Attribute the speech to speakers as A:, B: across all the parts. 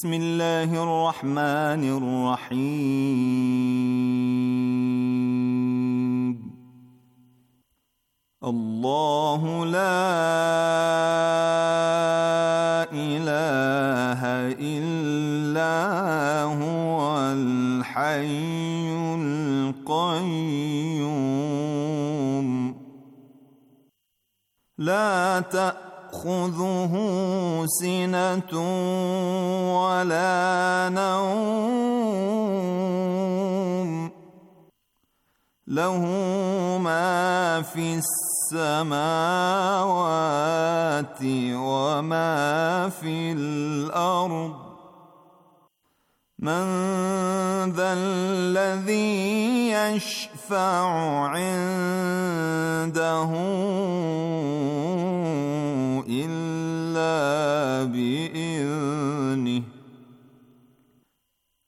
A: بسم الله سكينة ولا نوم له ما في السماوات وما في الأرض من ذا الذي يشفع عنده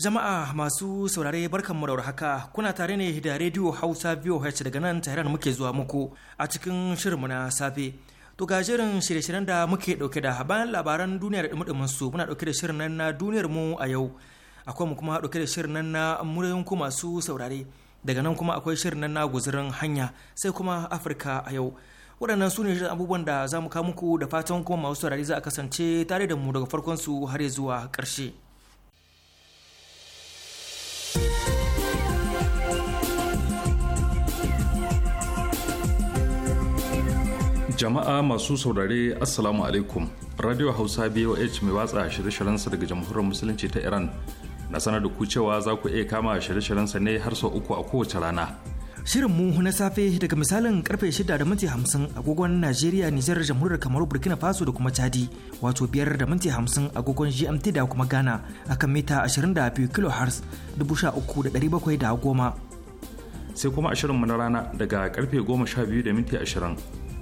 B: Jama'a masu saurare barkan mu haka kuna tare ne da Radio Hausa VOH daga nan Tehran muke zuwa muku a cikin shirinmu na safe. To ga shirin shirye-shiryen da muke dauke da bayan labaran duniyar dumudumin su muna dauke da shirin nan na duniyar mu a yau. Akwai mu kuma dauke da shirin nan na muryoyin ku masu saurare. Daga nan kuma akwai shirin nan na guzurin hanya sai kuma Afirka a yau. Waɗannan su ne abubuwan da za mu kawo muku da fatan kuma masu saurare za a kasance tare da mu daga farkon su har zuwa ƙarshe.
C: jama'a masu saurare assalamu alaikum radio hausa boh mai watsa shirye-shiryensa daga jamhuriyar musulunci ta iran na sanar da ku cewa za ku iya kama shirye-shiryensa ne har sau uku a kowace rana
B: shirin mu na safe daga misalin karfe 6 da minti 50 agogon najeriya nijar jamhuriyar kamaru burkina faso da kuma chadi wato biyar da minti 50 agogon gmt da kuma ghana akan
C: mita 22 kilohertz 13710 sai kuma ashirin mu na rana daga karfe biyu da minti ashirin.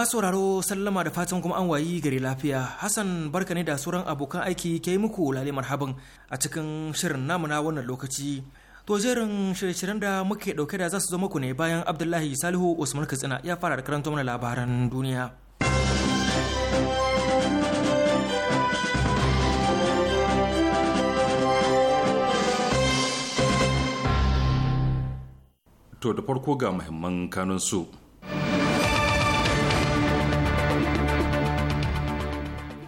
B: masu sauraro sallama da fatan kuma an wayi gari lafiya hassan barka ne da sauran abokan aiki ke muku lale marhaban a cikin shirin namu na wannan lokaci to jerin shirye-shiryen da muke dauke da za su zo muku ne bayan abdullahi salihu usman katsina ya fara da karanta mana labaran duniya
C: to da farko ga muhimman kanun su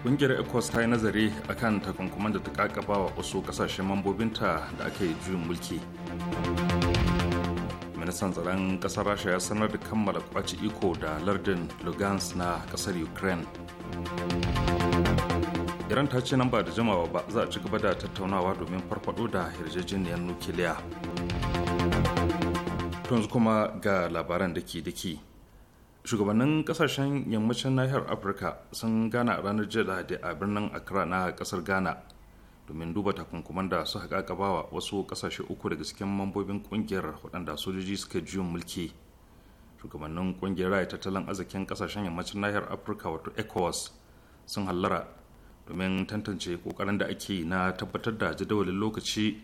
C: kungiyar ecos ta yi nazari akan takunkuman da ta kakaba wa wasu kasashen mambobinta da aka yi juyin mulki ministan tsaron kasar rasha ya sanar da kammala kwaci iko da lardin Lugans na kasar ukraine iran ta ce nan ba da jimawa ba za a ci gaba da tattaunawa domin farfado da yarjejeniyar nukiliya yanzu kuma ga labaran daki-daki shugabannin kasashen yammacin nahiyar afirka sun gana ranar jiya lahadi a birnin accra na kasar ghana domin duba takunkuman da su haƙaƙa bawa wasu kasashe uku daga cikin mambobin kungiyar waɗanda sojoji suka juyin mulki shugabannin kungiyar raya tattalin arzikin kasashen yammacin nahiyar afirka wato ecowas sun hallara domin tantance ƙoƙarin da ake na tabbatar da jadawalin lokaci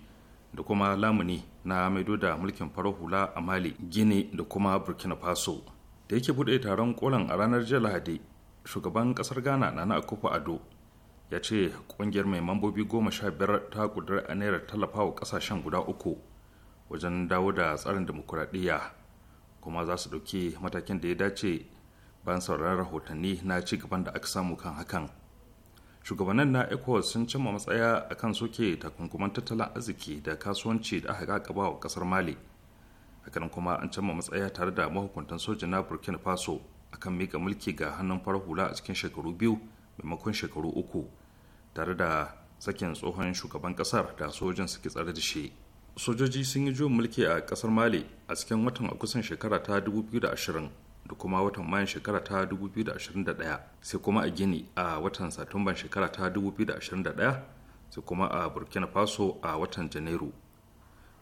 C: da kuma lamuni na maido da mulkin farar hula a mali gini da kuma burkina faso da yake buɗe taron kolan a ranar jiya lahadi shugaban ƙasar ghana nana akufo ado ya ce ƙungiyar mai mambobi goma sha biyar ta ƙudurar a naira tallafa wa ƙasashen guda uku wajen dawo da tsarin demokuraɗiyya kuma za su ɗauki matakin da ya dace bayan sauraron rahotanni na ci gaban da aka samu kan hakan shugabannin na ecowas sun cimma matsaya akan soke takunkuman tattalin arziki da kasuwanci da aka kakaba wa kasar mali sakanin kuma an cimma matsaya tare da mahukuntan soja na burkina faso akan mika mulki ga hannun farar hula a cikin shekaru biyu maimakon shekaru uku tare da sakin tsohon shugaban kasar da sojan suke tsare da shi sojoji sun yi juyin mulki a kasar mali a cikin watan agusan shekara ta 2020 da kuma watan mayan shekara ta 2021 sai kuma a gini a watan satumban shekara ta 2021 sai kuma a burkina faso a watan janairu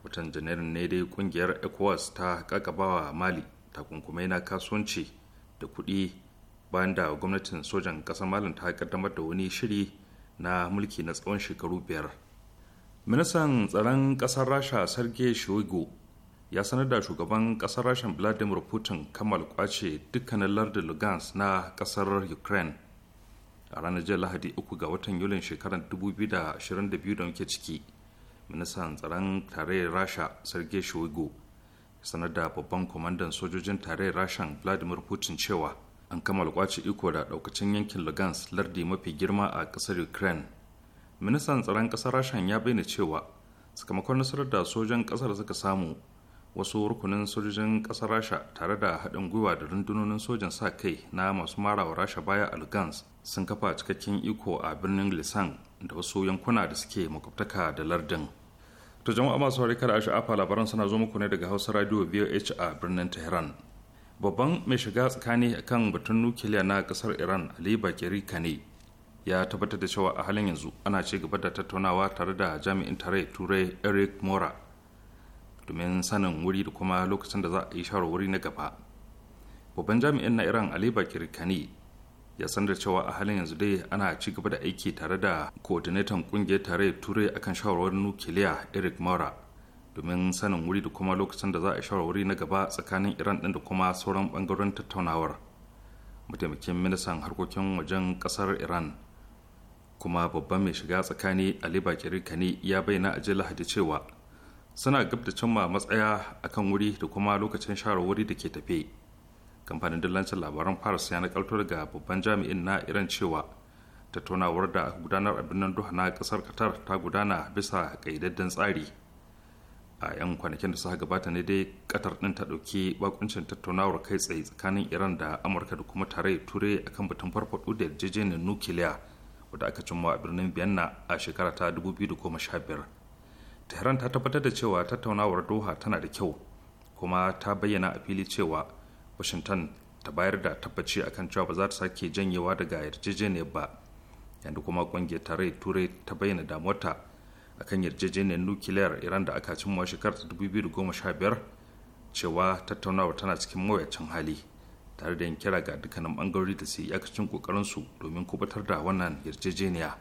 C: watan janairun ne dai kungiyar ecowas ta kakabawa mali takunkumai na kasuwanci da kuɗi bayan da gwamnatin sojan ƙasar malin ta kaddamar da wani shiri na mulki na tsawon shekaru biyar ministan tsaron ƙasar rasha sergei shoigu ya sanar da shugaban ƙasar rashin vladimir putin kamal kwace dukkanin lardin lugans na ƙasar ukraine a ranar jiya lahadi uku ga watan yulin shekarar 2022 da muke ciki ministan tsaron tarayyar rasha sergei shoigu sanar da babban kwamandan sojojin tarayyar rashan vladimir putin cewa an kammala kwace iko da daukacin yankin lugansk lardi mafi girma a kasar ukraine ministan tsaron kasar rashan ya bayyana cewa sakamakon nasarar da sojan kasar suka samu wasu rukunin sojojin kasar rasha tare da haɗin gwiwa da rundunonin sojan sa kai na masu marawa rasha baya a lugansk sun kafa cikakken iko a birnin lisan da wasu yankuna da suke makwabtaka da lardin to jama'a masu kada da asha'afa labaran suna zo muku ne daga hausa radio voh a birnin tehran babban mai shiga tsakani kan batun nukiliya na kasar iran ali bakiri kane ya tabbatar da cewa a halin yanzu ana ci gaba da tattaunawa tare da jami'in tare turai eric mora domin sanin wuri da kuma lokacin da za a yi shawarwari na gaba babban jami'in na iran ali bakiri kane ya san da cewa a halin yanzu dai ana ci gaba da aiki tare da coordinator kungiyar tarayyar turai akan shawarwarin nukiliya eric mara domin sanin wuri da kuma lokacin da za a shawarwari na gaba tsakanin iran din da kuma sauran bangaren tattaunawar mataimakin ministan harkokin wajen kasar iran kuma babban mai shiga tsakani ali bakir kane ya bayyana a jiya lahadi cewa suna gab da cimma matsaya akan wuri da kuma lokacin shawarwari da ke tafe kamfanin dillancin labaran faris ya nakalto daga babban jami'in na iran cewa tattaunawar da gudanar a birnin duha na kasar qatar ta gudana bisa ƙaidaddan tsari a 'yan kwanakin da suka gabata ne dai qatar din ta ɗauki bakuncin tattaunawar kai tsaye tsakanin iran da amurka da kuma tare ture a kan batun farfaɗo da yarjejeniyar nukiliya wadda aka cimma a birnin vienna a shekara ta 2015 tehran ta tabbatar da cewa tattaunawar doha tana da kyau kuma ta bayyana a fili cewa washington ta bayar da tabbaci akan cewa ba za ta sake janyewa daga yarjejeniyar ba yadda kuma kungiyar tarayyar turai ta bayyana damuwarta akan yarjejeniyar nukiliyar iran da aka cimma shekarar 2015 cewa tattaunawar tana cikin mawuyacin hali tare da yin kira ga dukkanin bangarori da su yi kokarin kokarinsu domin kubutar da wannan yarjejeniya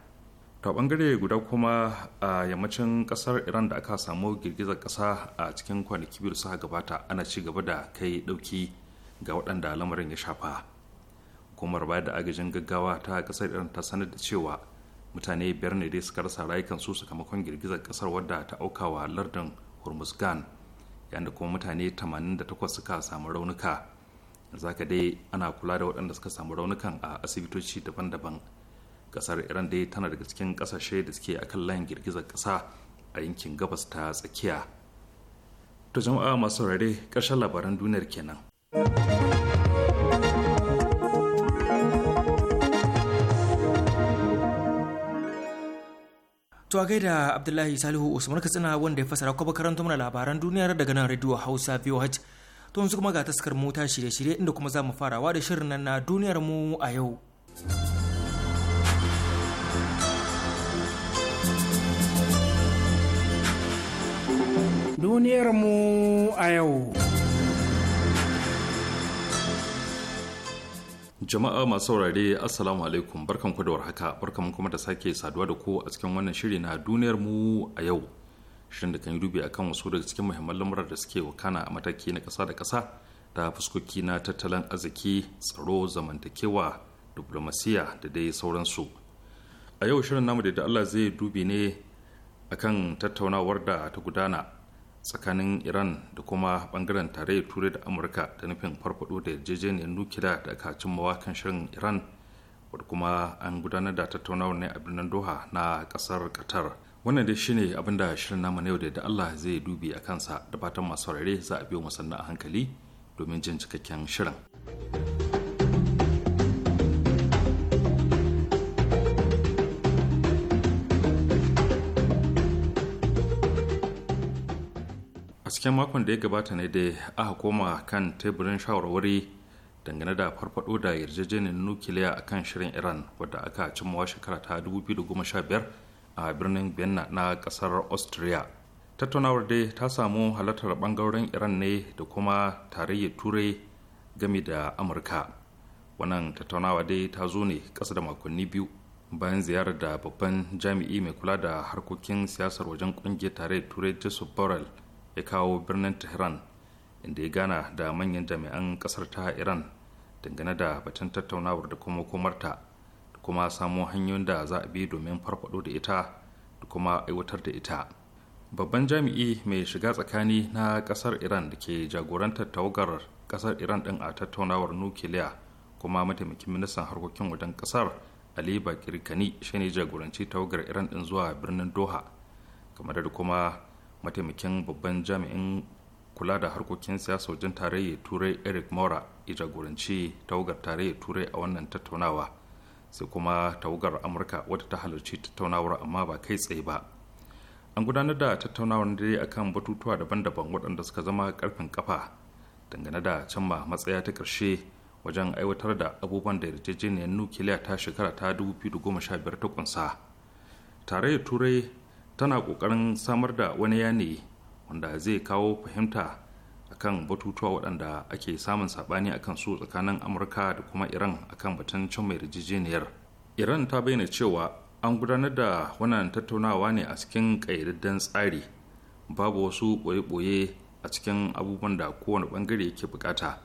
C: ta bangare guda kuma a yammacin kasar iran da aka samu girgizar kasa a cikin kwanaki biyu suka gabata ana ci gaba da kai dauki ga waɗanda lamarin ya shafa hukumar bayar da agajin gaggawa ta kasar irin ta sanar da cewa mutane biyar ne dai suka rasa rayukansu sakamakon girgizar kasar wadda ta auka wa lardin hormuzgan yayin da kuma mutane 88 suka samu raunuka zaka dai ana kula da waɗanda suka samu raunukan a asibitoci daban-daban ƙasar iran dai tana daga cikin ƙasashe da suke akan layin girgizar ƙasa a yankin gabas ta tsakiya to jama'a masu rare ƙarshen labaran duniyar kenan To
B: a gaida Abdullahi Salihu Usman Katsina wanda ya fasara kuma karanta mana labaran duniyar daga nan Radio Hausa VOH. To yanzu kuma ga taskar mota shirye-shirye inda kuma za mu farawa da shirin nan na duniyar mu a yau.
D: Duniyar mu a yau.
C: Jama'a masu saurare Assalamu alaikum barkan ku da warhaka barkan kuma da sake saduwa da ku a cikin wannan shiri na duniyar mu a yau. Shirin da kan yi dubi akan wasu daga cikin muhimman lamuran da suke wakana a mataki na kasa da kasa da fuskoki na tattalin arziki, tsaro, zamantakewa, diplomasiya da dai sauransu. A yau shirin namu da Allah zai dubi ne akan tattaunawar da ta gudana tsakanin iran da kuma bangaren tarayyar turai da amurka da nufin farfado da yarjejeniyar nukiliya da aka cin kan shirin iran wadda kuma an gudanar da tattaunawar ne a birnin doha na kasar qatar wannan dai shine abin da shirin namu na yau da allah zai dubi a kansa da fatan masu za a biyo musanna a hankali domin jin cikakken shirin. a cikin makon da ya gabata ne da aka koma kan teburin shawarwari dangane da farfado da yarjejeniyar nukiliya a kan shirin iran wadda aka cimmawa shekara ta 2015 a birnin vienna na kasar austria tattaunawar dai ta samu halartar bangaren iran ne da kuma tarayyar turai game da amurka wannan tattaunawa dai ta zo ne kasa da makonni biyu bayan ziyarar da babban jami'i mai kula da harkokin siyasar wajen kungiyar tarayyar turai joseph borrell ya kawo birnin tehran inda ya gana da manyan jami'an kasar ta iran dangane da batun tattaunawar da kuma komarta da kuma samo hanyoyin da za a bi domin farfado da ita da kuma aiwatar da ita babban jami'i mai shiga tsakani na kasar iran da ke jagorantar tawagar kasar iran din a tattaunawar nukiliya kuma mataimakin ministan harkokin wajen kasar ali bakir kani shine jagoranci tawagar iran din zuwa birnin doha kamar da kuma mataimakin babban jami'in kula da harkokin siyasa wajen tarayyar turai eric mora ya jagoranci tawagar tarayyar turai a wannan tattaunawa sai kuma tawagar amurka wadda ta halarci tattaunawar amma ba kai tsaye ba an gudanar da tattaunawar dare akan batutuwa daban-daban waɗanda suka zama karfin kafa dangane da cimma matsaya ta ƙarshe wajen aiwatar da abubuwan da yarjejeniyar nukiliya ta shekara ta sha biyar ta kunsa tarayyar turai tana ƙoƙarin samar da wani yanayi wanda zai kawo fahimta akan batutuwa waɗanda ake samun saɓani akan su tsakanin amurka da kuma iran akan batun can mai yarjejeniyar iran ta bayyana cewa an gudanar da wannan tattaunawa ne a cikin ƙayyadadden tsari babu wasu ɓoye-ɓoye a cikin abubuwan da kowane ɓangare yake bukata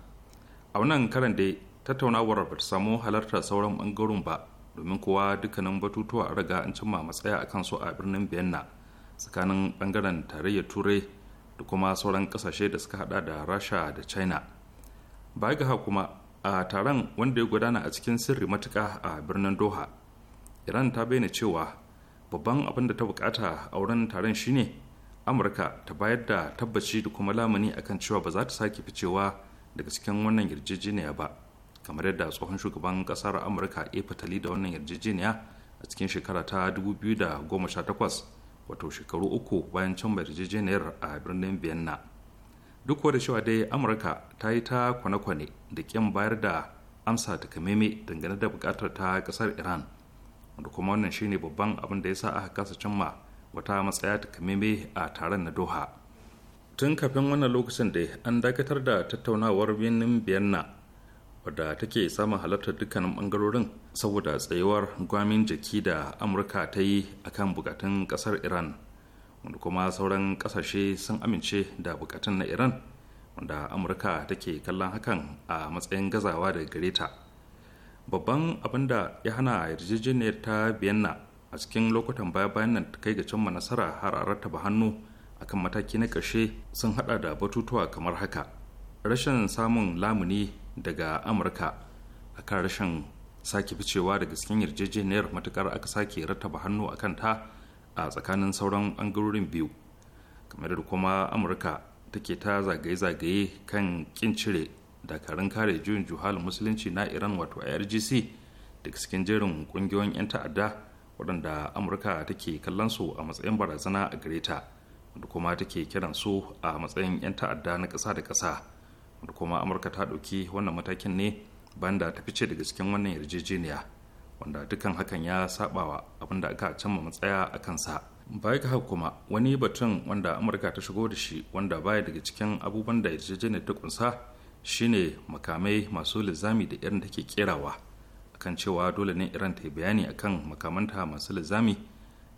C: a wannan karan dai tattaunawar ba ta samu halartar sauran ɓangaren ba domin kowa dukkanin batutuwa a raga an cimma matsaya a kansu a birnin vienna tsakanin bangaren tarayyar turai da kuma sauran kasashe da suka hada da rasha da china baya ga kuma a taron wanda ya gudana a cikin sirri matuka a birnin doha iran ta bayyana cewa babban abin da ta bukata a wurin taron shine amurka ta bayar da tabbaci da kuma lamuni akan cewa ba za ta sake ficewa daga cikin wannan yarjejeniya ba kamar yadda tsohon shugaban kasar amurka ya fitali da wannan yarjejeniya a cikin shekara ta 2018 wato shekaru uku bayan can yarjejeniyar a birnin vienna duk da cewa dai amurka ta yi ta kwane-kwane da kyan bayar da amsa kameme dangane da bukatar ta kasar iran wanda kuma wannan shine babban abin da ya sa aka kasa cimma wata matsaya kameme a taron na doha tun kafin wannan lokacin da an dakatar da tattaunawar birnin vienna wadda take samun halartar dukkanin bangarorin saboda tsayuwar gwamin jiki da amurka ta yi a kan bukatun kasar iran wanda kuma sauran kasashe sun amince da bukatun na iran wanda amurka take kallon hakan a matsayin gazawa da gare ta babban abin da ya hana yarjejeniyar ta biyanna a cikin lokutan baya bayan nan kai ga cimma nasara har a rattaba hannu akan mataki na ƙarshe sun hada da batutuwa kamar haka rashin samun lamuni daga amurka a kan rashin sake ficewa daga cikin yarjejeniyar matukar aka sake rattaba hannu a kanta a tsakanin sauran bangarorin biyu kamar da kuma amurka take ta zagaye-zagaye kan kin cire dakarun kare juyin Juhal musulunci na iran wato irgc daga cikin jerin kungiyoyin 'yan ta'adda waɗanda amurka take kallon su a matsayin barazana a gareta, da kuma take kiran su a matsayin 'yan ta'adda na ƙasa da ƙasa da kuma amurka ta ɗauki wannan matakin ne banda ta fice daga cikin wannan yarjejeniya wanda dukkan hakan ya sabawa abin da aka canma matsaya a kansa baya ga haka kuma wani batun wanda amurka ta shigo da shi wanda baya daga cikin abubuwan da yarjejeniyar ta kunsa shine makamai masu lizami da irin take kerawa akan cewa dole ne iran ta yi bayani akan makamanta masu lizami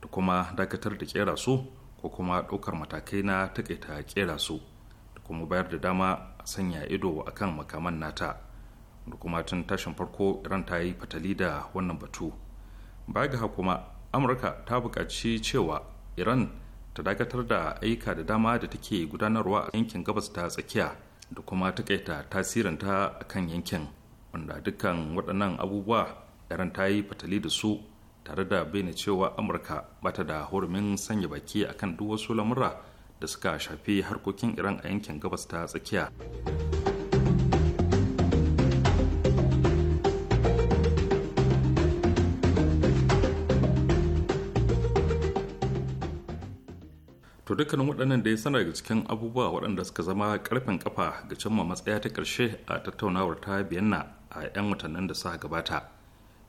C: da kuma dakatar da kera su ko kuma ɗaukar matakai na takaita kera su da kuma bayar da dama sanya ido akan makaman nata da kuma tun tashin farko iran ta yi fatali da wannan batu baya ga kuma amurka ta buƙaci cewa iran ta dakatar da aika da dama da take gudanarwa a yankin gabas ta tsakiya da kuma takaita tasirinta a kan yankin wanda dukkan waɗannan abubuwa iran ta yi fatali da su tare da bayyana cewa amurka bata da hurumin sanya baki akan duk wasu lamura da suka shafi harkokin iran a yankin gabas ta tsakiya to dukkanin waɗannan da ya sanar daga cikin abubuwa waɗanda suka zama karfin kafa ga cimma matsaya ta ƙarshe a tattaunawar ta biyanna a 'yan watannin da suka gabata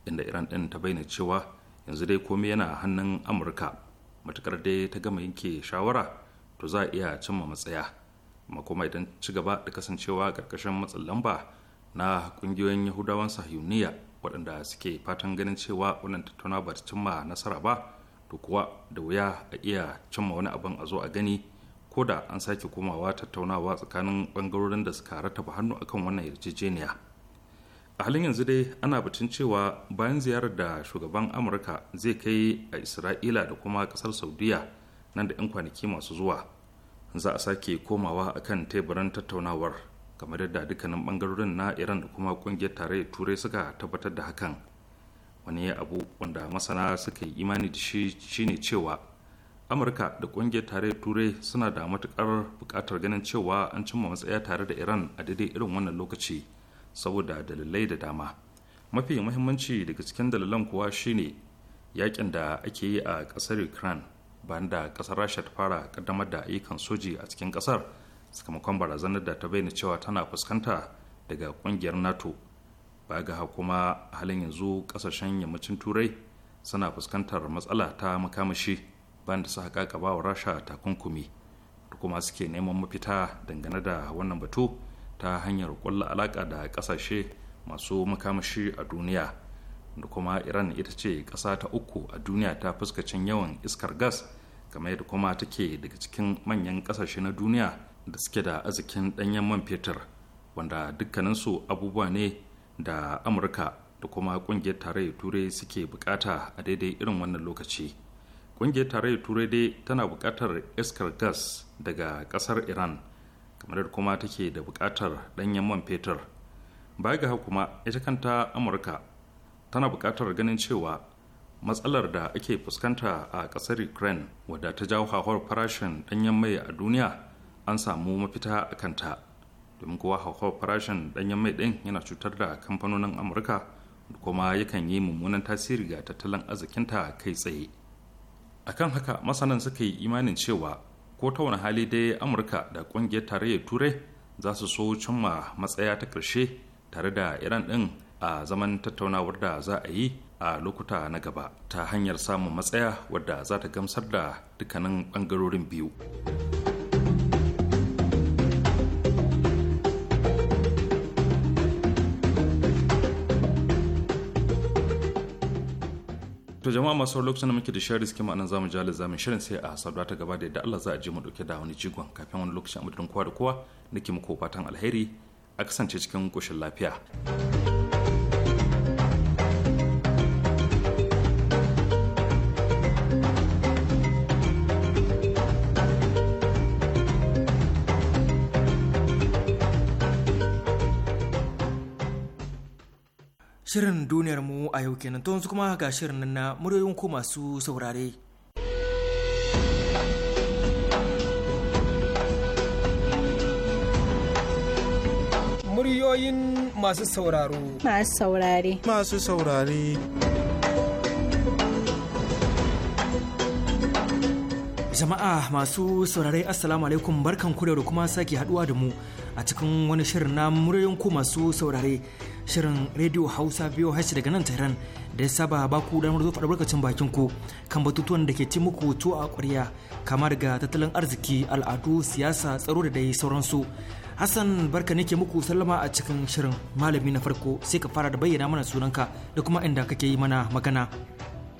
C: inda iran ɗin ta bayyana cewa yanzu dai komai yana hannun amurka matukar dai ta gama yanke shawara to za a iya cimma matsaya amma kuma idan ci gaba da kasancewa ƙarƙashin matsin lamba na ƙungiyoyin yahudawan sahiyuniya waɗanda suke fatan ganin cewa wannan tattauna ba ta cimma nasara ba to kuwa da wuya a iya cimma wani abin a zo a gani ko da an sake komawa tattaunawa tsakanin ɓangarorin da suka rataba hannu akan wannan yarjejeniya a halin yanzu dai ana batun cewa bayan ziyarar da shugaban amurka zai kai a isra'ila da kuma ƙasar saudiya nan da 'yan kwanaki masu zuwa za a sake komawa a kan teburan tattaunawar kamar yadda dukkanin bangarorin na iran da kuma kungiyar tarayyar turai suka tabbatar da hakan wani abu wanda masana suka yi imani da shi shine cewa amurka da kungiyar tarayyar turai suna da matukar bukatar ganin cewa an cimma matsaya tare da iran a daidai irin wannan lokaci saboda dalilai da dama mafi muhimmanci daga cikin dalilan kuwa shine yakin da ake yi a ƙasar ukraine bayan da kasar rasha ta fara kaddamar da ayyukan soji a cikin kasar sakamakon barazanar da ta bayyana cewa tana fuskanta daga kungiyar nato ba ga kuma halin yanzu kasashen yammacin turai suna fuskantar matsala ta makamashi bayan da suka ƙaba wa rasha takunkumi da kuma suke neman mafita dangane da wannan batu ta hanyar kulla alaka da kasashe masu makamashi a duniya da kuma iran ita ce ƙasa ta uku a duniya ta fuskacin yawan iskar gas game yadda kuma take daga cikin manyan ƙasashe na duniya da suke da arzikin ɗanyen man fetur wanda dukkaninsu abubuwa ne da amurka da kuma ƙungiyar tarayyar turai suke bukata a daidai irin wannan lokaci ƙungiyar tarayyar turai dai tana bukatar iskar gas daga ƙasar iran kamar da kuma take da bukatar ɗanyen man fetur baya ga kuma ita kanta amurka tana buƙatar ganin cewa matsalar da ake fuskanta a ƙasar ukraine wadda ta jawo hauhawar farashin ɗanyen mai a duniya an samu mafita a kanta domin kuwa hauhawar farashin ɗanyen mai ɗin yana cutar da kamfanonin amurka kuma yakan yi mummunan tasiri ga tattalin arzikinta kai tsaye akan haka masanan suka yi imanin cewa ko ta wani hali dai amurka da ƙungiyar tarayyar turai za su so cimma matsaya ta ƙarshe tare da iran ɗin a zaman tattaunawar da za a yi a lokuta na gaba ta hanyar samun matsaya wadda za ta gamsar da dukkanin ɓangarorin biyu to jama'a masu lokacin da muke da shirin riski ma'anan zamu ji zamin shirin sai a saduwa ta gaba da yadda Allah za a je mu dauke da wani jigon kafin wani lokacin a madadin kowa da kowa nake muku fatan alheri a kasance cikin koshin lafiya.
B: Shirin duniyar mu a yau kenan to yanzu kuma ga shirin nan na muryoyin ku masu saurare. Muryoyin
D: masu sauraro.
B: Masu saurare. Masu saurare. Jama'a masu saurare Assalamu alaikum barkan ku da kuma sake haduwa da mu a cikin wani shirin na muryoyin ku masu saurare. shirin rediyo hausa biyu hashi daga nan tehran da ya saba ba ku damar faɗa albarkacin bakin ku kan batutuwan da ke ci muku to a ƙwarya kama daga tattalin arziki al'adu siyasa tsaro da dai sauransu hassan barka ne muku sallama a cikin shirin malami na farko sai ka fara da bayyana mana sunanka da kuma inda kake yi mana magana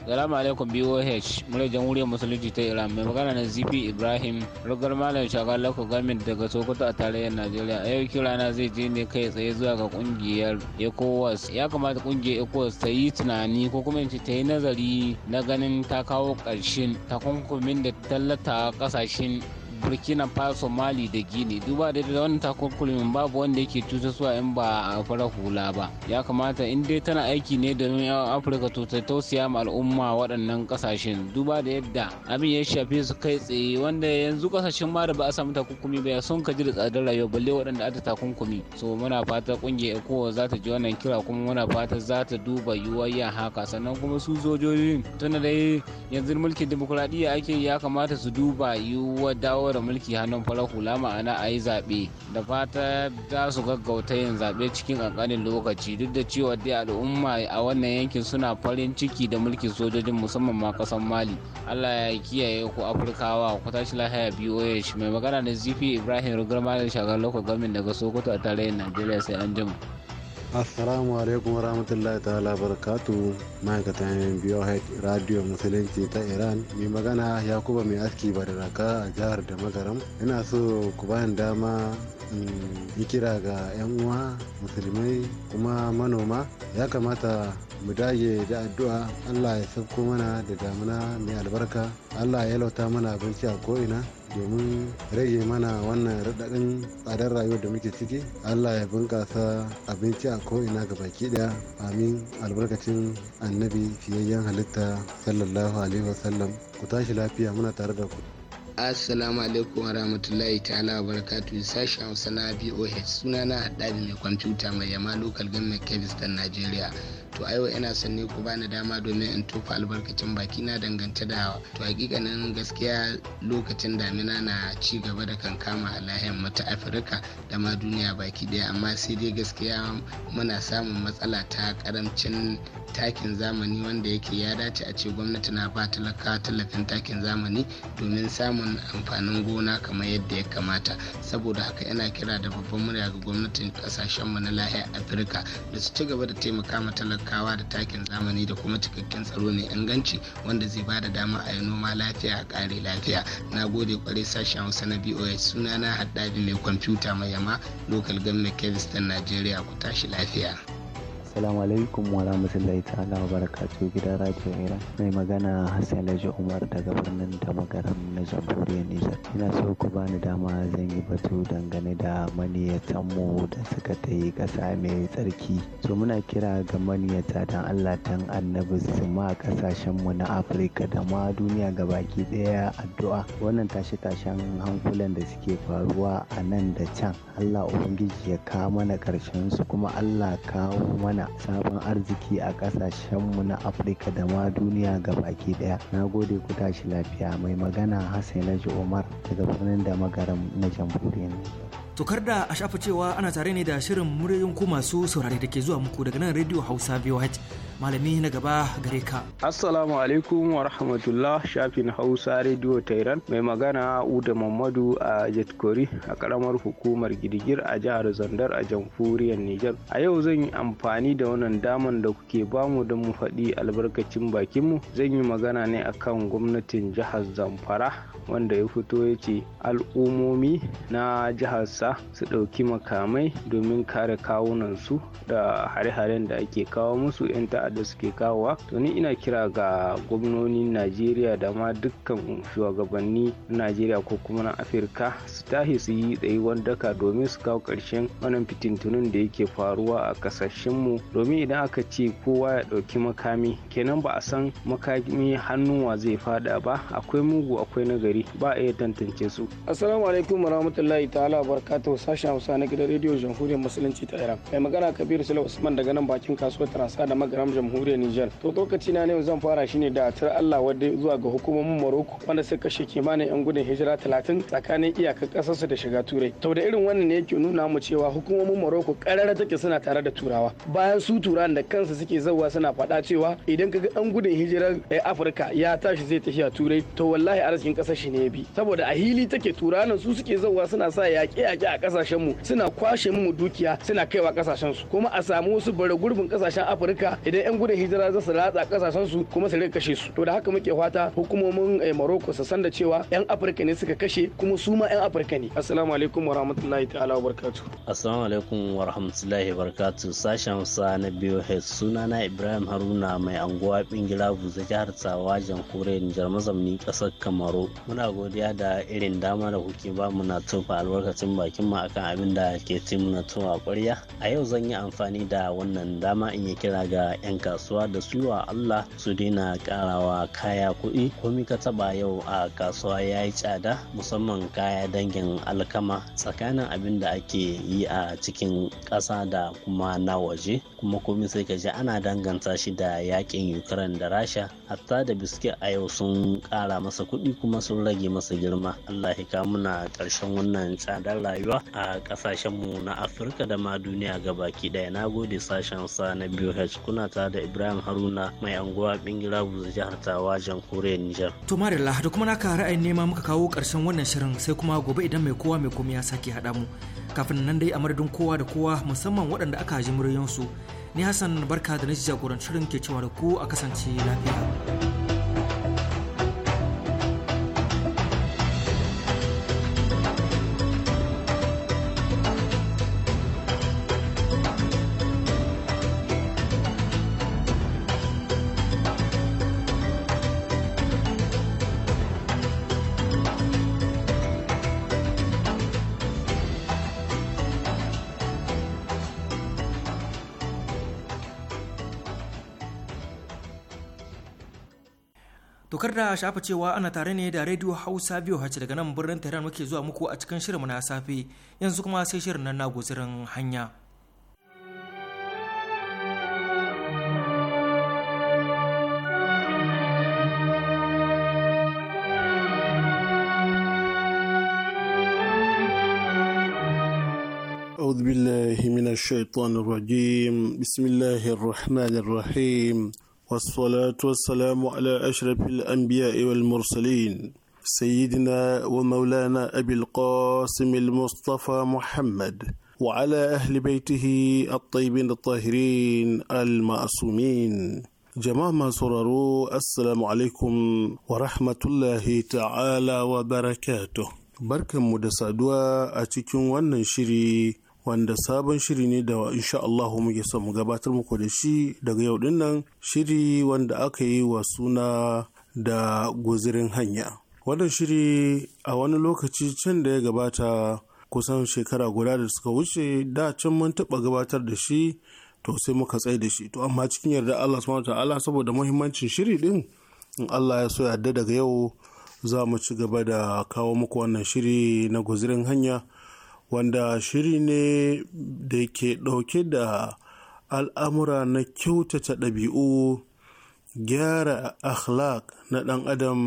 E: Salamu alaikum BOH murai jamhuriyar musulunci ta Iran mai magana na ZP Ibrahim rugar malam shagar lako gamin daga Sokoto a tarayyar Najeriya a yau kirana zai je ne kai tsaye zuwa ga kungiyar ECOWAS ya kamata kungiyar ECOWAS ta yi tunani ko kuma in ce ta yi nazari na ganin ta kawo ƙarshen takunkumin da tallata ƙasashen burkina faso mali da gini duba da wannan takunkumin babu wanda yake cutarwa in ba a fara hula ba ya kamata in dai tana aiki ne domin yawon afirka to ta tausaya ma al'umma waɗannan kasashen duba da yadda abin ya shafi su kai tsaye wanda yanzu kasashen ma da ba a samu takunkumi ba sun ji da tsadar rayuwa balle waɗanda aka takunkumi so muna fata kungiyar kowa za ta ji wannan kira kuma muna fata za ta duba yiwuwar ya haka sannan kuma su sojojin tana da yanzu mulkin dimokuraɗiyya ake ya kamata su duba yiwuwar dawo da mulki hannun farar hula ma'ana a yi zaɓe da fata za su gaggauta yin zaɓe cikin ƙanƙanin lokaci duk da cewa dai al'umma a wannan yankin suna farin ciki da mulkin sojojin musamman ma ƙasar mali allah ya kiyaye ku afirkawa ku tashi lahiya boh mai magana da zifi ibrahim rugar malam shagar lokacin gamin daga sokoto a tarayyar najeriya sai an jima. assalamu alaikum warahmatullahi ta'ala barakatu ma'aikatan
F: radio musulunci ta iran mai magana yakuba mai aski raka a jihar da magaram ina so ku bayan dama in kira ga 'yan uwa musulmai kuma manoma ya kamata mu dage da addu'a allah ya sauko mana da damuna mai albarka allah ya lauta mana abinci a ko'ina domin rage mana wannan raɗaɗin tsadar rayuwar da muke ciki allah ya bunƙasa abinci a ko'ina ga baki ɗaya amin albarkacin annabi fiyayyen halitta sallallahu alaihi wasallam ku tashi lafiya muna tare da ku
E: Assalamu alaikum wa rahmatullahi ta'ala wa barakatuhu sashi Hausa na BOH sunana Haddadi mai kwamfuta mai yama local government kebis Najeriya. Nigeria. to a yau ina son ne ku bani dama domin in tofa albarkacin baki na dangance da to nan gaskiya lokacin damina na ci gaba da kankama a lahiyar mata afirka da ma duniya baki daya amma sai dai gaskiya muna samun matsala ta karamcin takin zamani wanda yake ya dace a ce gwamnati na ba talaka tallafin takin zamani domin samun amfanin gona kamar yadda ya kamata saboda haka ina kira da babban murya ga gwamnatin kasashenmu na lahiyar afirka da su ci gaba da taimaka ma talaka kawa da takin zamani da kuma cikakken tsaro mai inganci wanda zai bada dama a yi noma lafiya a kare lafiya na gode kwarai sashen hausa na suna na haddabi mai kwamfuta mai yama local government kevistan nigeria ku
G: tashi lafiya. Assalamu alaikum wa rahmatullahi ta'ala wa barakatuhu gidan Radio Iran. Mai magana Hassan Alhaji Umar daga birnin Damagaram na Jamhuriyar Nijar. Ina so ku bani dama zan yi batu dangane da maniyatanmu da suka ta yi ƙasa mai tsarki. To muna kira ga maniyata dan Allah dan annabi su ma ƙasashenmu na Afirka da ma duniya gabaki ɗaya addu'a. Wannan tashe-tashen hankulan da suke faruwa a nan da can. Allah Ubangiji ya kawo mana ƙarshen su kuma Allah kawo mana mana sabon arziki a ƙasashenmu na Afirka da ma duniya gabaki ɗaya. Na gode ku tashi lafiya mai magana Hassan Laji daga birnin da magaram na jamhuriyar Nijar.
B: Tokar da a shafa cewa ana tare ne da shirin muryoyin ku masu saurare da ke zuwa muku daga nan Radio Hausa VOH. Malami na gaba gare ka. Assalamu
D: alaikum wa rahmatullah shafin Hausa Radio Tehran mai magana Uda Mamadu a Jetkori a karamar hukumar Girgir a jihar Zandar a jamhuriyar Nijar. A yau zan yi amfani da wannan daman da kuke bamu don mu faɗi albarkacin bakin mu Zan yi magana ne akan gwamnatin jihar Zamfara wanda ya fito ya ce al'umomi na jihar ƙasa su ɗauki makamai domin kare kawunan su da hare-haren da ake kawo musu 'yan ta'adda suke kawowa to ni ina kira ga gwamnonin najeriya da ma dukkan shugabanni na najeriya ko kuma na afirka su tahi su yi tsayuwar daka domin su kawo ƙarshen wannan fitintunun da yake faruwa a ƙasashenmu domin idan aka ce kowa ya ɗauki makami kenan ba a san makami hannuwa zai faɗa ba akwai mugu akwai nagari ba a iya tantance su
H: assalamu alaikum warahmatullahi ta'ala barka Kato sashen Hausa na gidan rediyo Jamhuriyar Musulunci ta Iran. Mai magana Kabir Sule Usman daga nan bakin kasuwar Transa da Magaram Jamhuriyar Nijar. To lokaci na ne zan fara shine da tar Allah wadda zuwa ga hukumomin Morocco wanda suka kashe kimanin yan gudun hijira talatin tsakanin iyakar kasar su da shiga Turai. To da irin wannan ne yake nuna mu cewa hukumomin Morocco karara take suna tare da Turawa. Bayan su Turan da kansu suke zauwa suna fada cewa idan kaga dan gudun hijirar eh, Afirka ya tashi zai tafiya Turai to wallahi arzikin kasar shi ne bi. Saboda a hili take Turanan su suke zawa suna sa yaƙe-yaƙe aiki a kasashen mu suna kwashe mu dukiya suna kaiwa kasashen su kuma a samu wasu bara gurbin kasashen Afirka idan yan gudun hijira za su ratsa kasashen su kuma su rika kashe su to da haka muke fata hukumomin eh, Morocco su san da cewa yan Afirka ne suka kashe kuma su ma yan Afirka ne assalamu alaikum warahmatullahi ta'ala wabarakatuh
G: assalamu alaikum warahmatullahi wabarakatuh sashen sa na biyo sunana Ibrahim Haruna mai anguwa bingila buza jihar Tsawa jamhuriyar Nijar mazamni kasar Kamaru muna godiya da irin dama da kuke ba mu na tofa albarkacin baki bakin mu akan abin da ke ci mana tuwa ƙwarya a yau zan yi amfani da wannan dama in yi kira ga 'yan kasuwa da su wa Allah su daina karawa kaya kuɗi komi ka taba yau a kasuwa ya yi tsada musamman kaya dangin alkama tsakanin abin da ake yi a cikin ƙasa da kuma na waje kuma komi sai ka ji ana danganta shi da yakin ukraine da rasha hatta da biskit a yau sun ƙara masa kuɗi kuma sun rage masa girma Allah ya kawo muna ƙarshen wannan tsadar rayuwa rayuwa a kasashenmu na afirka da ma duniya ga baki daya na gode sashen sa na BOH kuna ta da ibrahim haruna mai anguwa bingira buzu jihar tawa jamhuriyar nijar
B: to marilla da kuma naka ra'ayin nema muka kawo karshen wannan shirin sai kuma gobe idan mai kowa mai komai ya sake haɗa mu kafin nan dai a madadin kowa da kowa musamman waɗanda aka ji muryansu ni hassan barka da na jagorancin shirin ke cewa da ku a kasance lafiya dokar da shafa cewa ana tare ne da Radio Hausa biyu hace daga nan birnin Tehran muke zuwa muku a cikin shirinmu na safe yanzu kuma sai shirin nan na gozirin hanya.
F: أعوذ بالله من الشيطان الرجيم بسم الله الرحمن الرحيم والصلاة والسلام على أشرف الأنبياء والمرسلين سيدنا ومولانا أبي القاسم المصطفى محمد وعلى أهل بيته الطيبين الطاهرين المعصومين جماعة سرروا السلام عليكم ورحمة الله تعالى وبركاته بركة مدسادوا أتكم وننشري wanda sabon shiri ne da insha Allahu muke son mu gabatar muku da shi daga yau din nan shiri wanda aka yi wa suna da guzirin hanya. Wannan shiri a wani lokaci can da ya gabata kusan shekara guda da suka wuce da can mun taɓa gabatar da shi to sai muka tsaye da shi to amma cikin yarda Allah subhanahu ta'ala saboda muhimmancin shiri din in Allah ya so yarda daga yau za mu ci gaba da kawo muku wannan shiri na guzirin hanya. wanda shiri ne da ke ɗauke da al'amura na kyautata ɗabi'u gyara akhlaq na ɗan adam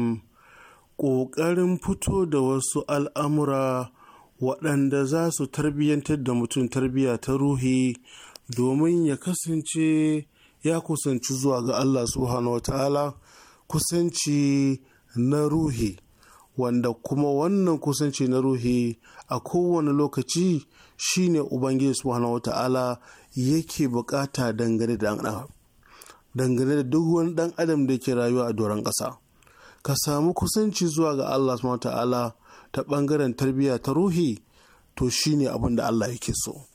F: ƙoƙarin fito da wasu al'amura waɗanda za su tarbiyyantar da mutum tarbiyya ta ruhi domin ya kasance ya kusanci zuwa ga Allah subhanahu wa ta'ala kusanci na ruhi wanda kuma wannan kusanci na ruhi a kowane lokaci shine ubangiji subhanahu wata'ala yake bukata dangane da dan dangane da duk wani dan adam da ke rayuwa a doron ƙasa ka samu kusanci zuwa ga allah subhanahu wata'ala ta bangaren tarbiyya ta ruhi to shine abin da allah yake so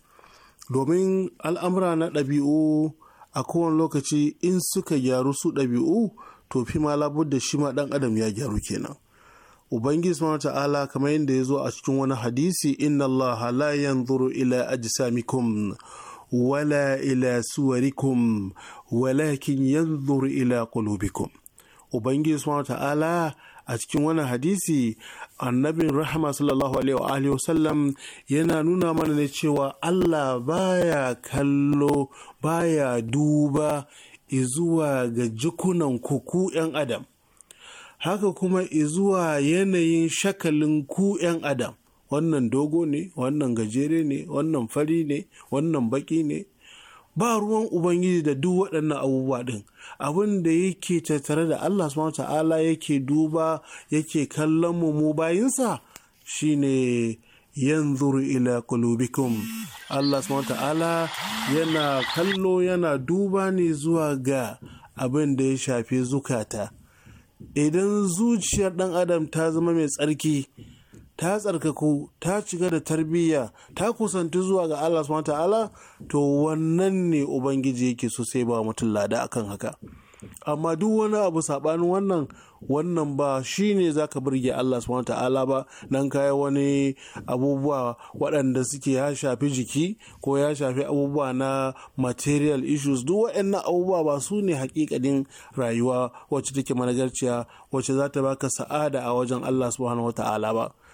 F: domin al'amura na ɗabi'u a kowane lokaci in suka gyaru su ɗabi'u to fi ma labar da shi ma ɗan adam ya gyaru kenan ubangiji subhanahu ta'ala kamar yadda ya zo a cikin wani hadisi inna Allah la yanzuru ila ajsamikum wala ila suwarikum walakin yanzuru ila qulubikum ubangiji subhanahu ta'ala a cikin wani hadisi annabin rahama sallallahu alaihi wa sallam yana nuna mana ne cewa Allah baya kallo baya duba izuwa ga jikunan kuku 'yan adam haka kuma izuwa yanayin shakalin ku 'yan adam wannan dogo ne wannan gajere ne wannan fari ne wannan baki ne ba ruwan ubangiji da duk waɗannan abubuwa ɗin abin da yake tattare da allah subhanahu ta'ala yake duba yake kallon mu mu bayinsa shine yanzuru ila qulubikum allah subhanahu ta'ala yana kallo yana duba ne zuwa ga abin da ya shafi zukata idan zuciyar ɗan adam ta zama mai tsarki ta tsarkaku ta shiga da tarbiyya ta kusanci zuwa ga Allah subhanahu ta'ala to wannan ne ubangiji yake so sai ba mutum lada akan haka amma duk wani abu saɓanin wannan wannan ba shi ne za ka birge Allah subhanahu ta'ala ba nan kaya wani abubuwa waɗanda suke ya shafi jiki ko ya shafi abubuwa na material issues duk waɗannan abubuwa ba su ne hakikadin rayuwa wacce take managarciya wacce za ta baka sa'ada a wajen Allah subhanahu ta'ala ba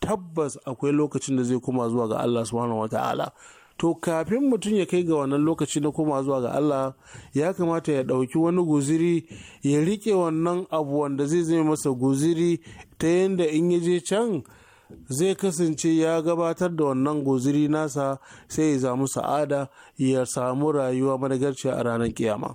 F: tabbas akwai lokacin da zai koma zuwa ga Allah subhanahu wata'ala to kafin mutum ya kai ga wannan lokaci na koma zuwa ga Allah ya kamata ya ɗauki wani guziri ya riƙe wannan abu wanda zai zai masa guziri ta yadda in ya je can zai kasance ya gabatar da wannan guziri nasa sai ya samu sa'ada ya samu rayuwa madagarci a ranar kiyama.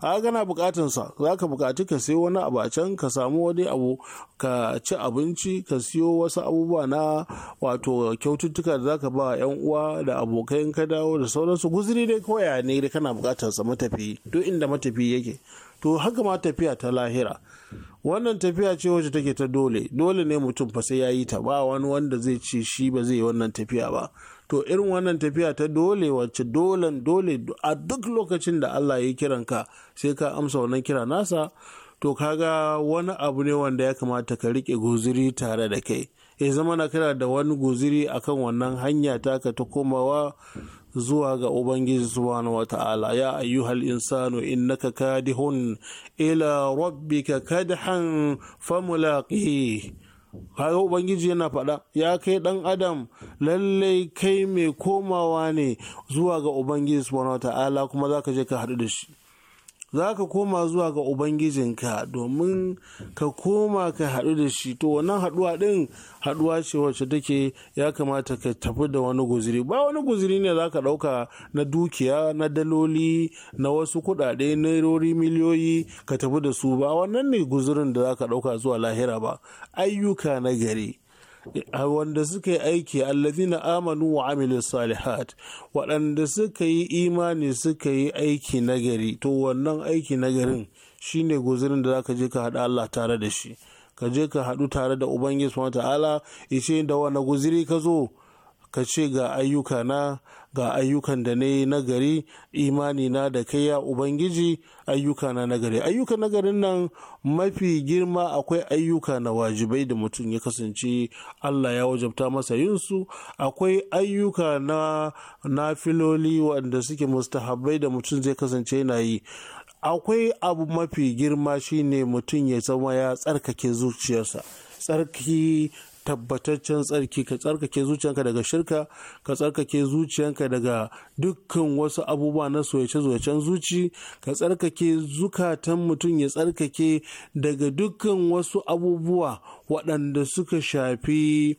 F: a kana bukatunsa sa za ka bukaci ka sayo wani abu a can ka samu wani abu ka ci abinci ka siyo wasu abubuwa na wato kyaututtuka da zaka ba yan uwa da abokan ka dawo da sauransu guzuri dai koya ne da kana bukatar sa matafi duk inda matafi yake to haka ma tafiya ta lahira wannan tafiya ce wacce take ta dole dole ne mutum fa sai ya yi ta ba wani wanda zai ce shi ba zai yi wannan tafiya ba to irin wannan tafiya ta dole wacce dolen dole a duk lokacin da Allah ya kiran ka sai ka amsa wannan kira nasa to kaga wani abu ne wanda ya kamata ka rike guziri tare da kai ya zama na kana da wani guziri akan wannan hanya taka ta komawa zuwa ga ubangiji subhanahu ta’ala, ya ayyuhal insanu innaka kadihun ila rabbika kadhan famulaqi kaga ubangiji yana faɗa ya kai ɗan adam lallai kai mai komawa ne zuwa ga ubangiji subhanahu ta’ala kuma zaka je ka haɗu da shi za ka koma zuwa ga ubangijinka domin ka koma ka haɗu da shi to wannan haɗuwa ɗin haɗuwa ce wacce take ya kamata ka tafi da wani guziri ba wani guziri ne za ka ɗauka na dukiya na daloli na wasu kuɗaɗe rori miliyoyi ka tafi da su ba wannan ne guzirin da za ka ɗauka zuwa lahira ba ayyuka na gari wanda suka yi aiki allazina amanu wa amilin salihat waɗanda suka yi imani suka yi aiki nagari to wannan aiki nagarin shine guzirin da zaka je ka haɗa Allah tare da shi ka je ka haɗu tare da ubangiji subhanahu ta'ala ishe da wani guziri ka zo ka ce ga ayyuka na ga ayyukan da na yi nagari imani na da kai ya ubangiji ayyuka na nagari Ayyukan nagarin nan mafi girma akwai ayyuka na wajibai da mutum ya kasance allah ya wajabta masa yin su akwai ayyuka na nafiloli wanda suke mustahabbai da mutum zai kasance yana yi akwai abu mafi girma shine mutum ya zama ya tsarkake zuciyarsa tsarki tabbataccen tsarki ka tsarkake zuciyanka daga shirka ka tsarkake zuciyanka daga dukkan wasu abubuwa na soyace zuwacen zuci ka tsarkake zukatan mutum ya tsarkake daga dukkan wasu abubuwa waɗanda suka shafi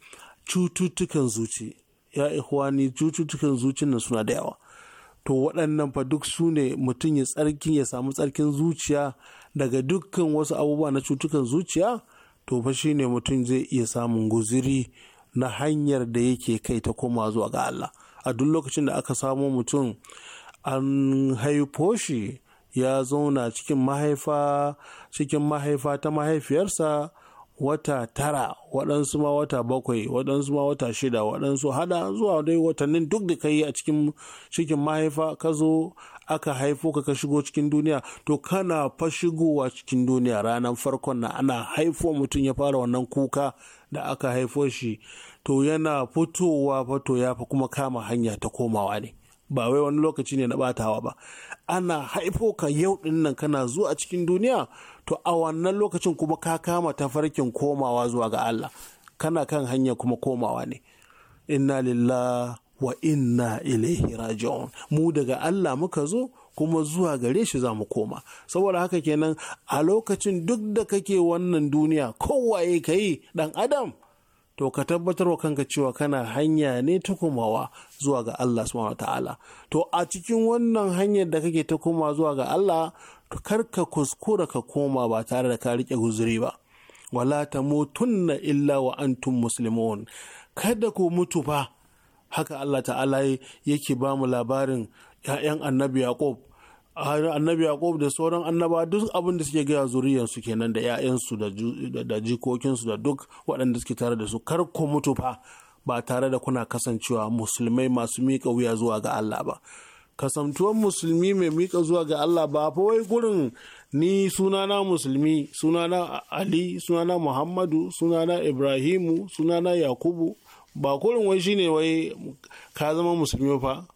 F: cututtukan zuci ya ihwani cututtukan zucin nan suna da yawa to waɗannan fa duk su ne mutum ya tsarkin ya samu tsarkin zuciya daga dukkan wasu abubuwa na cutukan zuciya to fa shine mutum zai iya samun guziri na hanyar da yake kai ta koma zuwa ga Allah a duk lokacin da aka samo mutum an haifo shi ya zauna cikin mahaifa cikin mahaifa ta mahaifiyarsa wata tara waɗansu ma wata bakwai waɗansu ma wata shida waɗansu hada zuwa dai watannin duk da ka yi a cikin cikin mahaifa ka zo aka haifo ka ka shigo cikin duniya to kana fa shigowa cikin duniya ranar farkon na ana haifo mutum ya fara wannan kuka da aka haifo shi to yana fitowa fa to ya fa kuma kama hanya ta komawa ne ba wai wani lokaci ne na batawa ba ana haifo ka yau din nan kana zuwa cikin duniya to a wannan lokacin kuma ka kama ta farkin komawa zuwa ga Allah kana kan hanya kuma komawa ne inna lillahi wa inna ilaihi raji'un mu daga Allah muka zo kuma zuwa gare shi za mu koma saboda haka kenan a lokacin duk da kake wannan duniya kowaye ka yi dan adam to ka tabbatar wa kanka cewa kana hanya ne ta komawa zuwa ga Allah subhanahu ta'ala to a cikin wannan hanyar da kake ta koma zuwa ga Allah to kar ka kuskura ka koma ba tare da ka rike guzuri ba wala tamutunna illa wa antum muslimun kada ku mutu ba. haka Allah ta'ala yake ba mu labarin 'ya'yan annabi Yaƙob annabi Yaƙob da sauran annaba duk abin da suke gaya zuriyarsu kenan da 'ya'yansu da jikokinsu da duk waɗanda suke tare da su kar ku mutu fa ba tare da kuna kasancewa musulmai masu miƙa wuya zuwa ga Allah ba kasantuwan musulmi mai miƙa zuwa ga Allah ba fa wai gurin ni sunana musulmi sunana Ali sunana Muhammadu sunana Ibrahimu sunana Yakubu ba kurin wai ne wai ka zama musulmi fa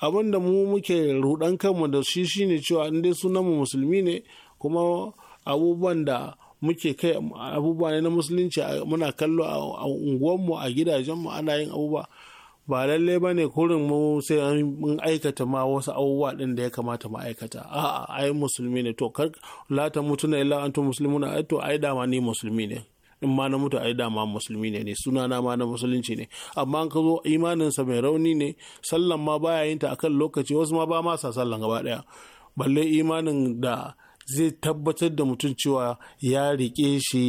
F: abinda da mu muke rudan kanmu da shi shine cewa in dai sunan mu musulmi ne kuma abubuwan da muke kai abubuwa ne na musulunci muna kallo a unguwanmu a gidajenmu ana yin abubuwa ba lallai ba ne kurin mu sai mun aikata ma wasu abubuwa din da ya kamata mu aikata a'a ai musulmi ne to kar la mutuna illa antum muslimuna to ai dama ni musulmi ne in ma na mutu ai dama musulmi ne ne suna na ma na musulunci ne amma an ka zo imaninsa mai rauni ne sallan ma baya yin ta akan lokaci wasu ma ba ma sa sallan gaba daya balle imanin da zai tabbatar da mutum cewa ya rike shi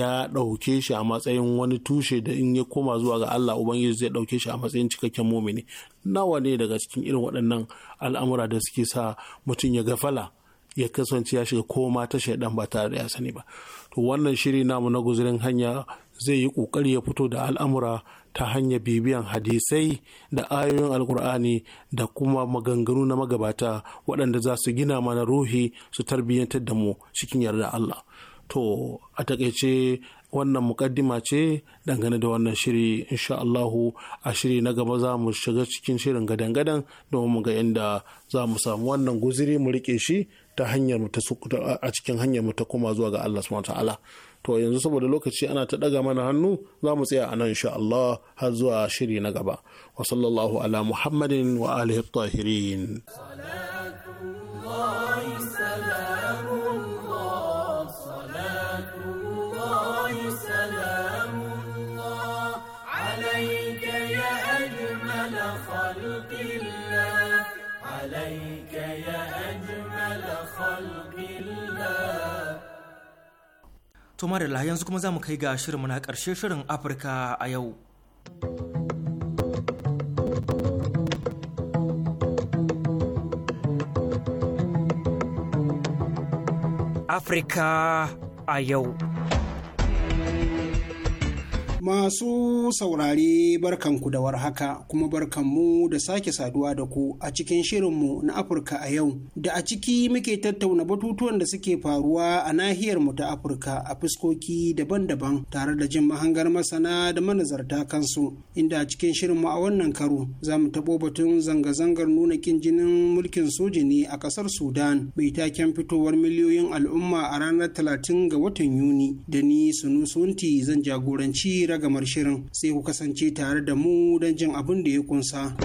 F: ya ɗauke shi a matsayin wani tushe da in ya koma zuwa ga Allah Ubangiji zai ɗauke shi a matsayin cikakken mumini nawa ne daga cikin irin waɗannan al'amura da suke sa mutum ya gafala ya kasance ya shiga koma ta shaidan ba tare da ya sani ba to wannan shiri namu na guzurin hanya zai yi ƙoƙari ya fito da al'amura ta hanyar bibiyan hadisai da ayoyin alkur'ani da kuma maganganu na magabata waɗanda za su gina mana ruhi su tarbiyyantar da mu cikin yarda Allah. To a takaice wannan mukaddima ce dangane da wannan shiri insha Allahu a shiri na gaba za mu shiga cikin shirin gadan-gadan don mu ga inda za mu samu wannan guziri mu riƙe shi ta hanyar ta a cikin hanyar ta koma zuwa ga Allah subhanahu ta'ala to yanzu saboda lokaci ana ta daga mana hannu za mu tsaya anan nan insha Allah har zuwa shiri na gaba wa sallallahu ala muhammadin wa alihi tahirin
B: To da yanzu kuma za mu kai ga shirin na ƙarshe shirin Afirka a yau. Afirka a yau.
D: Masu saurare barkanku da warhaka kuma barkanmu da sake saduwa da ku a cikin shirinmu na Afirka a yau da a ciki muke tattauna batutuwan da suke faruwa a nahiyar mu ta Afirka a fuskoki daban-daban tare da jin mahangar masana da manazarta kansu inda a cikin shirinmu a wannan karo za mu taɓo batun zanga-zangar nuna kin jinin mulkin soja ne a ƙasar Sudan mai taken fitowar miliyoyin al'umma a ranar talatin ga watan Yuni da ni Sunusunti zan jagoranci gamar shirin sai ku kasance tare da mu don jin abin da ya kunsa.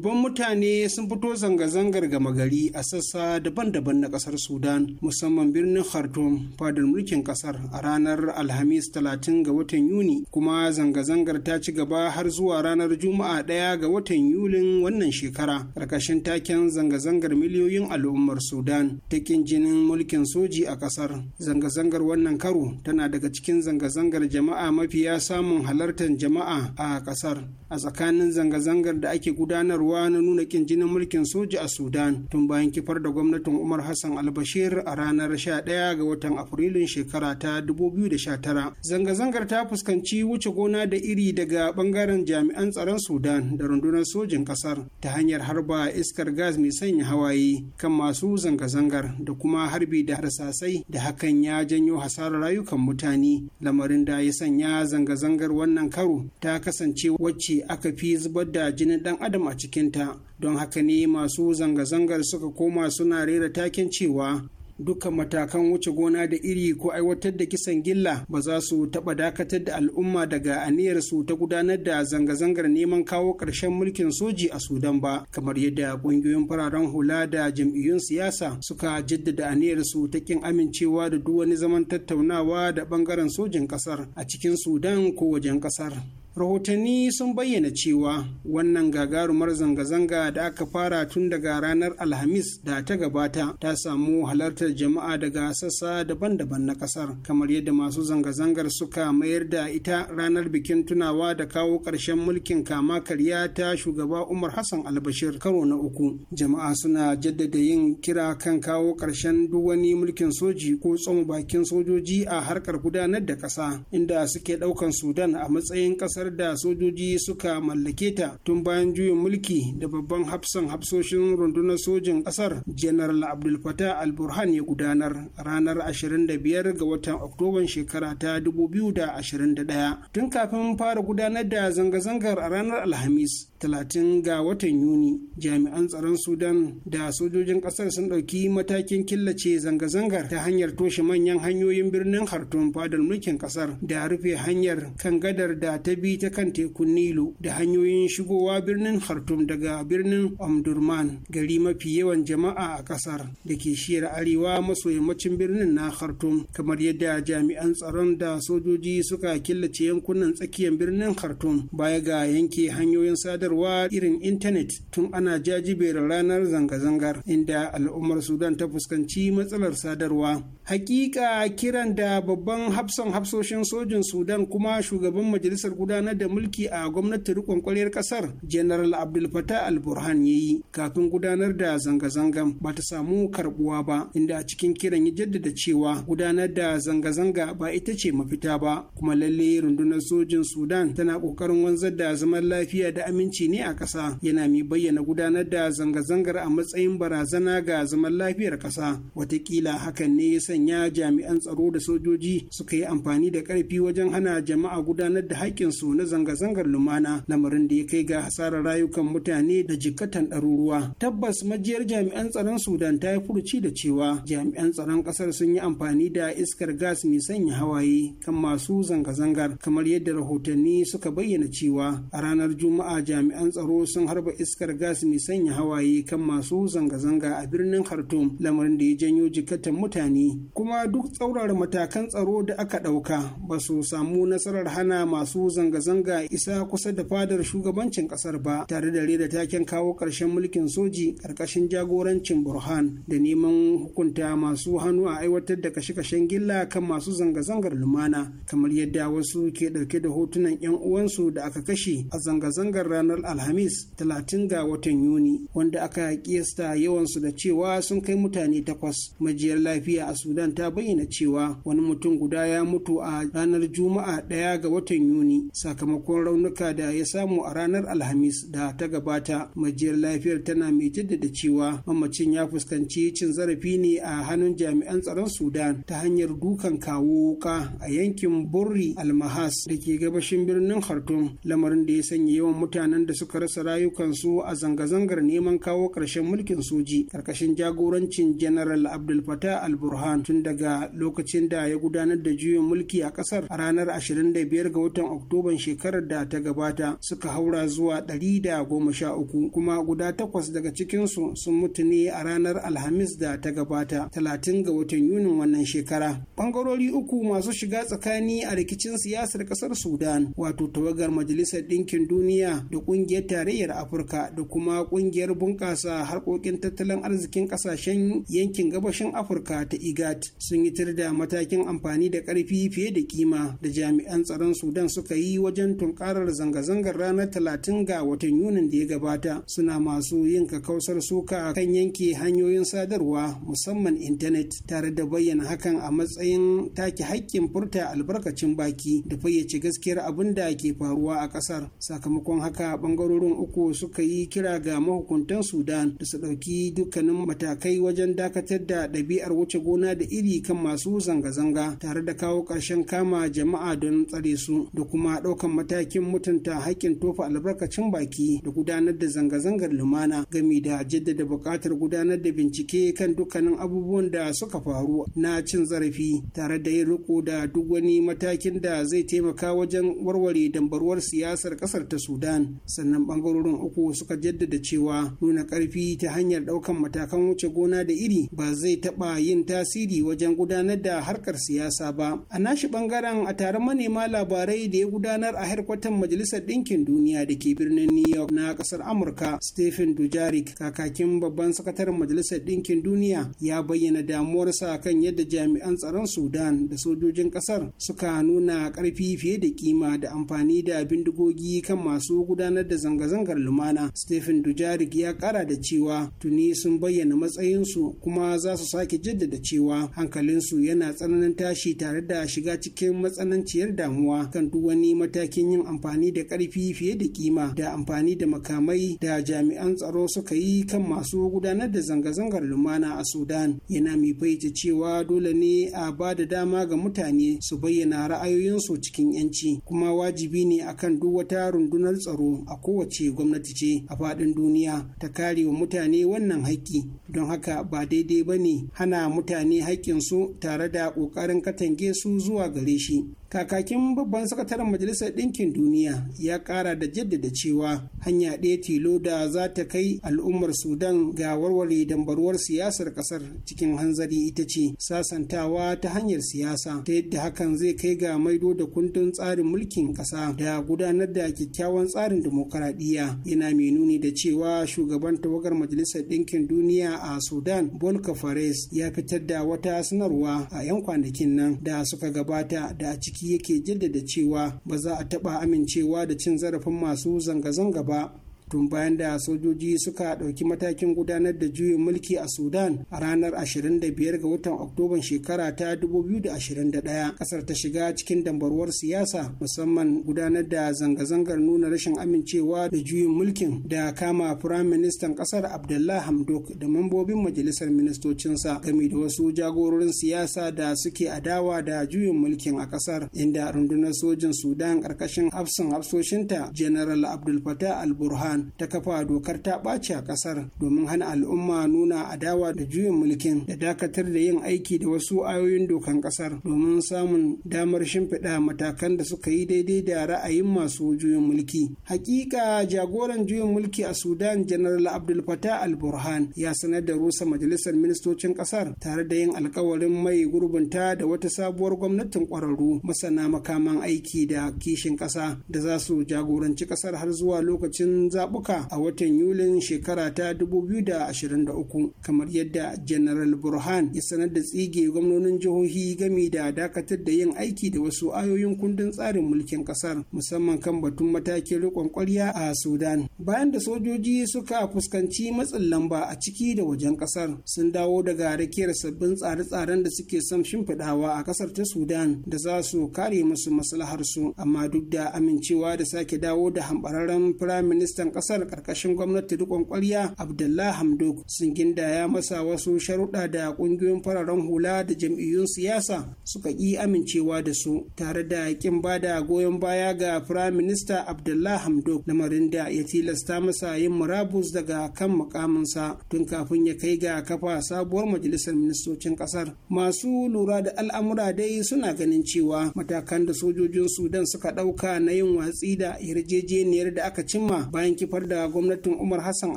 D: dubban mutane sun fito zanga-zangar gama gari a sassa daban-daban na kasar sudan musamman birnin khartoum fadar mulkin kasar a ranar alhamis 30 ga watan yuni kuma zanga-zangar ta ci gaba har zuwa ranar juma'a ɗaya ga watan yulin wannan shekara karkashin taken zanga-zangar miliyoyin al'ummar sudan ta jinin mulkin soji a kasar zanga-zangar wannan karo tana daga cikin zanga-zangar jama'a mafiya samun halartar jama'a a kasar a tsakanin zanga-zangar da ake gudanarwa ruwa na nuna kin jinin mulkin soja a sudan tun bayan kifar da gwamnatin umar hassan albashir a ranar 11 ga watan afrilun shekara ta 2019 zanga-zangar ta fuskanci wuce gona da iri daga bangaren jami'an tsaron sudan da rundunar sojin kasar ta hanyar harba iskar gas mai sanya hawaye kan masu zanga-zangar da kuma harbi da harsasai da hakan ya janyo hasarar rayukan mutane lamarin da ya sanya zanga-zangar wannan karo ta kasance wacce aka fi zubar da jinin dan adam a cikin takinta don haka ne masu zanga-zangar suka koma suna rera takin cewa duka matakan wuce gona da iri ko aiwatar da kisan gilla ba za su taɓa dakatar da al'umma daga aniyarsu ta gudanar da zanga-zangar neman kawo ƙarshen mulkin soji a sudan ba kamar yadda ƙungiyoyin fararen hula da jam'iyyun siyasa suka jaddada aniyarsu ta kin amincewa da duk wani zaman tattaunawa da ɓangaren sojin ƙasar a cikin sudan ko wajen ƙasar. rahotanni sun bayyana cewa wannan gagarumar zanga-zanga da aka fara tun daga ranar alhamis da ta gabata ta samu halartar jama'a daga sassa daban-daban na kasar kamar yadda masu zanga-zangar suka mayar da ita ranar bikin tunawa da kawo ƙarshen mulkin kama karya ta shugaba umar hassan albashir karo na uku jama'a suna jaddada yin kira kan kawo ƙarshen duk wani mulkin soji ko tsoma bakin sojoji a harkar gudanar da ƙasa inda suke ɗaukan sudan a matsayin ƙasa kasar da sojoji suka mallake ta tun bayan juyin mulki da babban hafsan hafsoshin rundunar sojin kasar general abdul fatah al burhan ya gudanar ranar 25 ga watan oktoban shekara ta 2021 tun kafin fara gudanar da zanga-zangar a ranar alhamis Talatin ga watan yuni jami'an tsaron sudan da sojojin kasar sun ɗauki matakin killace zanga-zangar ta hanyar toshe manyan hanyoyin birnin hartun fadar mulkin kasar da rufe hanyar kan gadar da ta bi ta kan tekun Nilo da hanyoyin shigowa birnin hartun daga birnin omdurman gari mafi yawan jama'a a kasar da ke shiyar arewa maso yammacin birnin na hartun kamar yadda jami'an tsaron da sojoji suka killace yankunan tsakiyar birnin hartun baya ga yanke hanyoyin sadar sadarwa irin intanet tun ana jajibera ranar zanga-zangar inda al'ummar sudan ta fuskanci matsalar sadarwa hakika kiran da babban hafsan hafsoshin sojin sudan kuma shugaban majalisar gudanar da mulki a gwamnati rikon kwaryar kasar general abdul fatah al-burhan ya yi kafin gudanar da zanga-zangan ba ta samu karbuwa ba inda a cikin kiran ya jaddada cewa gudanar da zanga-zanga ba ita ce mafita ba kuma lalle rundunar sojin sudan tana kokarin wanzar da zaman lafiya da aminci ta'addanci ne a ƙasa yana mai bayyana gudanar da zanga-zangar a matsayin barazana ga zaman lafiyar ƙasa watakila hakan ne ya sanya jami'an tsaro da sojoji suka yi amfani da ƙarfi wajen hana jama'a gudanar da haƙƙinsu na zanga-zangar lumana lamarin da ya kai ga hasarar rayukan mutane da jikkatan ɗaruruwa tabbas majiyar jami'an tsaron sudan ta yi furuci da cewa jami'an tsaron ƙasar sun yi amfani da iskar gas mai sanya hawaye kan masu zanga-zangar kamar yadda rahotanni suka bayyana cewa a ranar juma'a jami'an jami'an tsaro sun harba iskar gas mai sanya hawaye kan masu zanga-zanga a birnin khartoum lamarin da ya janyo jikatan mutane kuma duk tsaurara matakan tsaro da aka ɗauka ba su samu nasarar hana masu zanga-zanga isa kusa da fadar shugabancin ƙasar ba tare da reda taken kawo ƙarshen mulkin soji ƙarƙashin jagorancin burhan da neman hukunta masu hannu a aiwatar da kashe-kashen gilla kan masu zanga-zangar lumana kamar yadda wasu ke ɗauke da hotunan 'yan uwansu da aka kashe a zanga-zangar ranar ranar alhamis 30 ga watan yuni wanda aka kiyasta yawansu da cewa sun kai mutane takwas majiyar lafiya a sudan ta bayyana cewa wani mutum guda ya mutu a ranar juma'a ɗaya ga watan yuni sakamakon raunuka da ya samu a ranar alhamis da ta gabata majiyar lafiyar tana mai jaddada cewa mamacin ya fuskanci cin zarafi ne a hannun jami'an tsaron sudan ta hanyar dukan kawo wuka a yankin burri almahas da ke gabashin birnin khartoum lamarin da ya sanya yawan mutanen waɗanda suka rasa rayukansu a zanga-zangar neman kawo ƙarshen mulkin soji karkashin jagorancin general abdul fatah al-burhan tun daga lokacin da ya gudanar da juyin mulki a ƙasar a ranar 25 ga watan oktoban shekarar da ta gabata suka haura zuwa 113 kuma guda takwas daga cikinsu sun mutu ne a ranar alhamis da ta gabata 30 ga watan yunin wannan shekara ɓangarori uku masu shiga tsakani a rikicin siyasar ƙasar sudan wato tawagar majalisar ɗinkin duniya da ƙungiyar tarayyar afirka da kuma ƙungiyar bunƙasa harkokin tattalin arzikin ƙasashen yankin gabashin afirka ta igat sun yi da matakin amfani da ƙarfi fiye da kima da jami'an tsaron sudan suka yi wajen tunkarar zanga-zangar ranar talatin ga watan yunin da ya gabata suna masu yin kakausar suka kan yanke hanyoyin sadarwa musamman intanet tare da bayyana hakan a matsayin take haƙƙin furta albarkacin baki da fayyace gaskiyar abin da ke faruwa a ƙasar sakamakon haka bangarorin uku suka yi kira ga mahukuntan sudan da su ɗauki dukkanin matakai wajen dakatar da ɗabi'ar wuce gona da iri kan masu zanga-zanga tare da kawo ƙarshen kama jama'a don tsare su da kuma ɗaukan matakin mutunta haƙƙin tofa albarkacin baki da gudanar da zanga-zangar lumana gami da jaddada buƙatar gudanar da bincike kan dukkanin abubuwan da suka faru na cin zarafi tare da yin riko da duk wani matakin da zai taimaka wajen warware dambarwar siyasar ƙasar ta sudan sannan bangarorin uku suka jaddada cewa nuna karfi ta hanyar daukan matakan wuce gona da iri ba zai taba yin tasiri wajen gudanar da harkar siyasa ba a nashi bangaren a taron manema labarai da ya gudanar a harkwatan majalisar ɗinkin duniya da ke birnin new york na ƙasar amurka stephen dujarik kakakin babban sakataren majalisar ɗinkin duniya ya bayyana damuwarsa kan yadda jami'an tsaron sudan da sojojin ƙasar suka nuna ƙarfi fiye da kima da amfani da bindigogi kan masu gudanar gudanar da zanga-zangar lumana stephen dujarik ya kara da cewa tuni sun bayyana matsayinsu kuma za su sake jaddada cewa hankalinsu yana tsananin tashi tare da shiga cikin matsananciyar damuwa kan duk wani matakin yin amfani da karfi fiye da kima da amfani da makamai da jami'an tsaro suka yi kan masu gudanar da zanga-zangar lumana a sudan yana mai baita cewa dole ne a ba da dama ga mutane su bayyana ra'ayoyinsu cikin 'yanci kuma wajibi ne akan duk wata rundunar tsaro a kowace gwamnati ce a faɗin duniya ta kare wa mutane wannan haƙƙi don haka ba daidai ba ne hana mutane haƙƙinsu tare da ƙoƙarin katange su zuwa gare shi kakakin babban sakataren majalisar ɗinkin duniya ya ƙara da jaddada cewa hanya ɗaya tilo da za ta kai al'ummar sudan ga warware dambaruwar siyasar ƙasar cikin hanzari ita ce sasantawa ta hanyar siyasa ta yadda hakan zai kai ga maido da kundin tsarin mulkin ƙasa da gudanar da kyakkyawan tsarin demokaradiyya yana mai nuni da cewa shugaban tawagar majalisar ɗinkin duniya a sudan bolka fares ya fitar da wata sanarwa a 'yan kwanakin nan da suka gabata da a ciki yake jaddada cewa ba za a taɓa amincewa da cin zarafin masu zanga-zanga ba tun bayan da sojoji suka ɗauki matakin gudanar da juyin mulki a sudan a ranar 25 ga watan oktoban shekara ta 2021 kasar ta shiga cikin dambarwar siyasa musamman gudanar da zanga-zangar nuna rashin amincewa da juyin mulkin da kama firayim ministan kasar abdullah hamdok da mambobin majalisar ministocinsa game da wasu jagororin siyasa da suke adawa da juyin mulkin a kasar inda rundunar sojin sudan ƙarƙashin hafsin hafsoshinta general abdul fatah al-burhan iran ta kafa dokar ta ɓaci a ƙasar domin hana al'umma nuna adawa da juyin mulkin da dakatar da yin aiki da wasu ayoyin dokan ƙasar domin samun damar shimfiɗa matakan da suka yi daidai da ra'ayin masu juyin mulki hakika jagoran juyin mulki a sudan general abdul fattah al burhan ya sanar da rusa majalisar ministocin ƙasar tare da yin alkawarin mai gurbinta da wata sabuwar gwamnatin ƙwararru masana makaman aiki da kishin ƙasa da za su jagoranci ƙasar har zuwa lokacin zaɓen zaɓuka a watan Yulin shekara ta 2023 kamar yadda General Burhan ya sanar da tsige gwamnonin jihohi gami da dakatar da yin aiki da wasu ayoyin kundin tsarin mulkin ƙasar musamman kan batun matakin riƙon ƙwarya a Sudan. Bayan da sojoji suka fuskanci matsin lamba a ciki da wajen ƙasar sun dawo daga rakiyar sabbin tsare-tsaren da suke son shimfiɗawa a ƙasar ta Sudan da za su kare musu maslaharsu amma duk da amincewa da sake dawo da hambararren firaministan kasar karkashin gwamnati rikon kwarya abdullah hamdok sun ya masa wasu sharuɗa da ƙungiyoyin fararen hula da jam'iyyun siyasa suka ƙi amincewa da su tare da ƙin ba da goyon baya ga firayim minista Abdullahi hamdok lamarin da ya tilasta masa yin murabus daga kan mukaminsa tun kafin ya kai ga kafa sabuwar majalisar ministocin kasar masu lura da al'amura dai suna ganin cewa matakan da sojojin sudan suka ɗauka na yin watsi da yarjejeniyar da aka cimma bayan jefar da gwamnatin umar hassan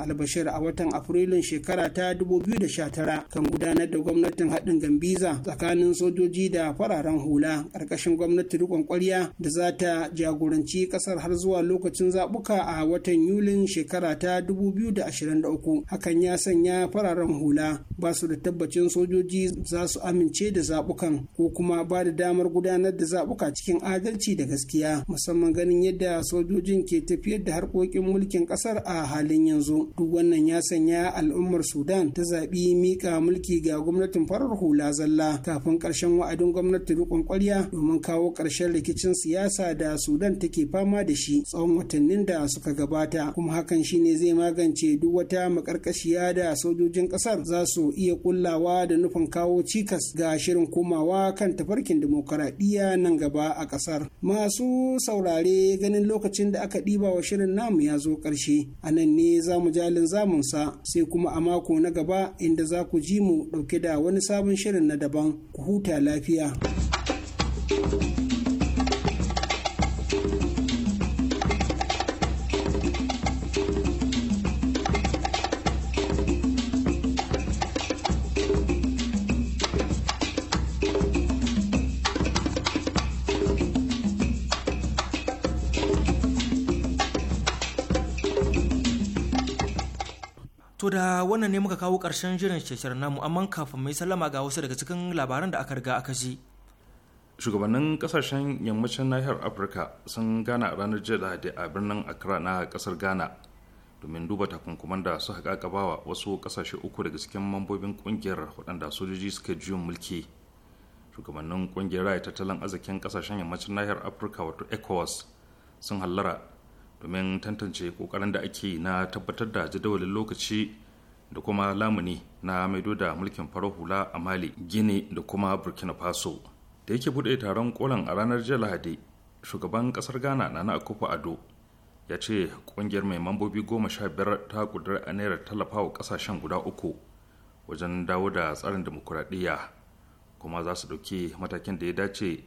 D: albashir a watan afrilun shekara ta 2019 kan gudanar da gwamnatin haɗin gambiza tsakanin sojoji da fararen hula ƙarƙashin gwamnati rikon ƙwarya da za ta jagoranci ƙasar har zuwa lokacin zaɓuka a watan yulin shekara ta 2023 hakan ya sanya fararen hula ba su da tabbacin sojoji za su amince da zaɓukan ko kuma ba da damar gudanar da zaɓuka cikin adalci da gaskiya musamman ganin yadda sojojin ke tafiyar da harkokin mulki mulkin kasar a halin yanzu duk wannan ya sanya al'ummar sudan ta zaɓi mika mulki ga gwamnatin farar hula zalla kafin ƙarshen wa'adin gwamnati rikon kwarya domin kawo ƙarshen rikicin siyasa da sudan take fama da shi tsawon watannin da suka gabata kuma hakan shine zai magance duk wata makarkashiya da sojojin ƙasar za su iya kullawa da nufin kawo cikas ga shirin komawa kan tafarkin dimokuraɗiyya nan gaba a ƙasar masu saurare ganin lokacin da aka ɗiba wa shirin namu ya zo ƙarshe a nan ne za mu jalin zamunsa sai kuma a mako na gaba inda za ku ji mu ɗauke da wani sabon shirin na daban ku huta lafiya.
B: da wannan ne muka kawo ƙarshen jiran shekar namu amma kafin mai sallama ga wasu daga cikin labaran da aka riga aka
C: ji. Shugabannin kasashen yammacin nahiyar Afirka sun gana a ranar jiya da a birnin Accra na kasar Ghana domin duba takunkuman da suka kakabawa wasu kasashe uku daga cikin mambobin kungiyar waɗanda sojoji suka juyin mulki. Shugabannin kungiyar raya tattalin arzikin kasashen yammacin nahiyar Afirka wato ECOWAS sun hallara domin tantance kokarin da ake na tabbatar da jadawalin lokaci da kuma lamuni na maido da mulkin farar hula a mali gini da kuma burkina faso da yake buɗe taron kolan a ranar jiya lahadi shugaban ƙasar ghana nana akufo ado ya ce ƙungiyar mai mambobi goma sha biyar ta a naira tallafa wa ƙasashen guda uku wajen dawo da tsarin demokuraɗiyya kuma za su ɗauki matakin da ya dace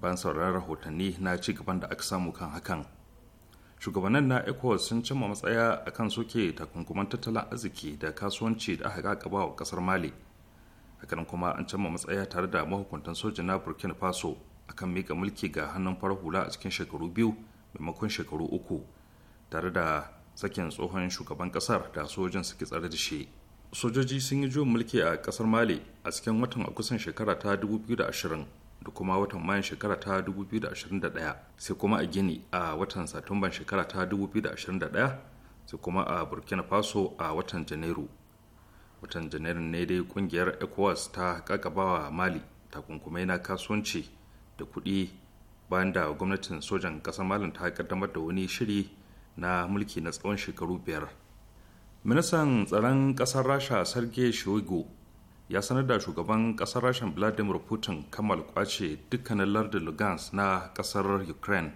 C: bayan sauraron rahotanni na ci gaban da aka samu kan hakan shugabannin na ecowas sun cimma matsaya a kan soke takunkuman tattalin arziki da kasuwanci da aka kakaba wa kasar mali hakan kuma an cimma matsaya tare da mahukuntan sojin na burkina faso akan mika mulki ga hannun farar hula a cikin shekaru biyu maimakon shekaru uku tare da sakin tsohon shugaban kasar da sojin suke tsare da shi sojoji sun yi juyin mulki a kasar mali a cikin watan agusan shekara ta 2020 da kuma watan mayan shekara ta 2021 sai kuma a gini a watan satumban shekara ta 2021 sai kuma a burkina faso a watan janairu watan janairu ne dai kungiyar ecowas ta kakabawa mali ta takunkumai na kasuwanci da kuɗi bayan da gwamnatin sojan ƙasar malin ta kaddamar da wani shiri na mulki na tsawon shekaru biyar ministan tsaron ƙasar rasha sarge shoigu ya sanar da shugaban kasar rashin vladimir putin kamal kwace dukkanin lardin lugansk na kasar ukraine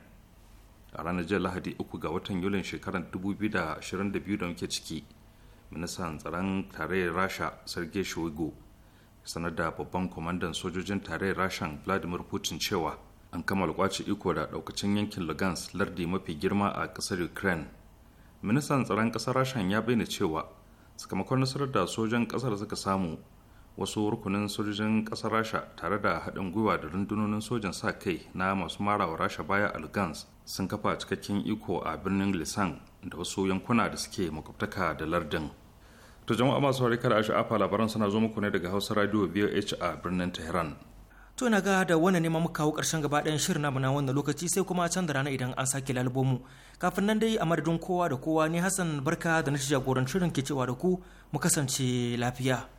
C: a ranar jiya lahadi 3 ga watan yulin shekarar 2022 da muke ciki ministan tsaron tarayyar rasha sergei shoigu sanar da babban kwamandan sojojin tarayyar rashan vladimir putin cewa an kamal kwace iko da daukacin yankin lugansk lardi mafi girma a kasar ukraine ministan tsaron kasar rashan ya bayyana cewa sakamakon nasarar da sojan kasar suka samu wasu rukunin sojojin kasar rasha tare da haɗin gwiwa da rundunonin sojan sa kai na masu marawa rasha baya algans sun kafa cikakken iko a birnin lisan da wasu yankuna da suke makwabtaka da lardin to jama'a masu kada shi sha'afa labaran suna zo muku ne daga hausa radio voh a birnin tehran to
B: na ga da wannan neman muka kawo karshen gaba ɗayan shirin namu na wannan lokaci sai kuma can da rana idan an sake mu kafin nan dai a madadin kowa da kowa ne hassan barka da na jagoran shirin ke cewa da ku mu kasance lafiya